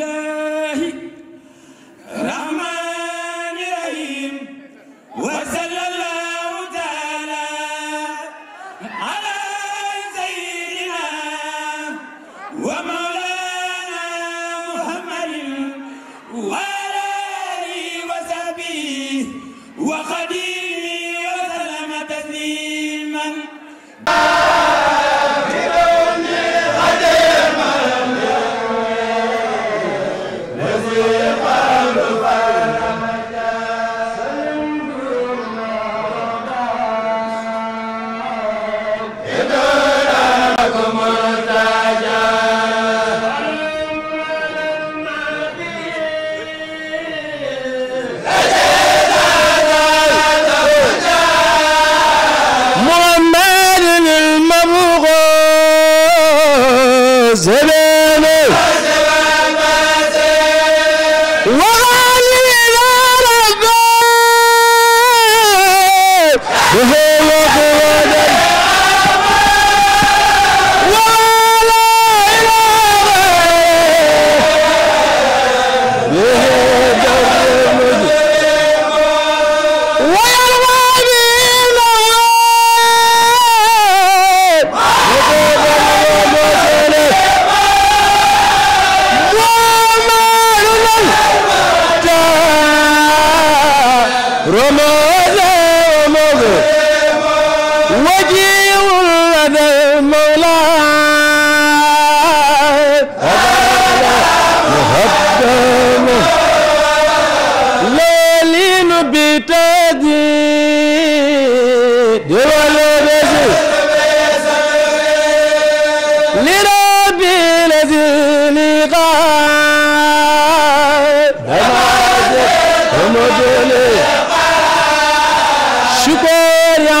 ala Jërëjëf Shukriya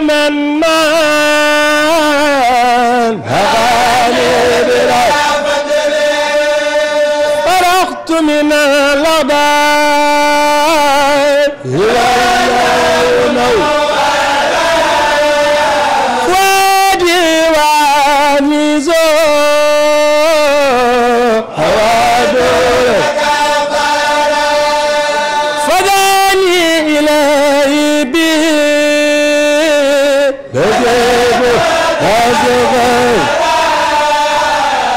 من من هباني بلا فرحت من العباد إلى يوم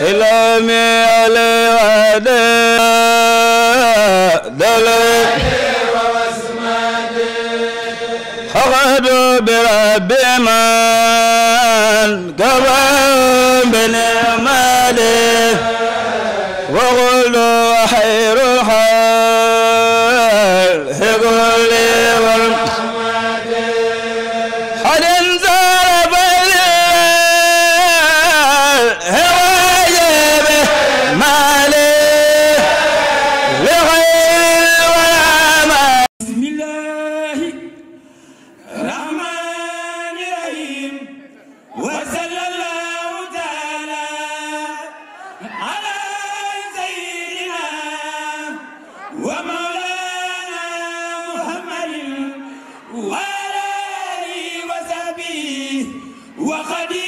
ilami ale wade dale xaqadu bi rabbi man gaban bi nimade wa qulu xayru xal وقد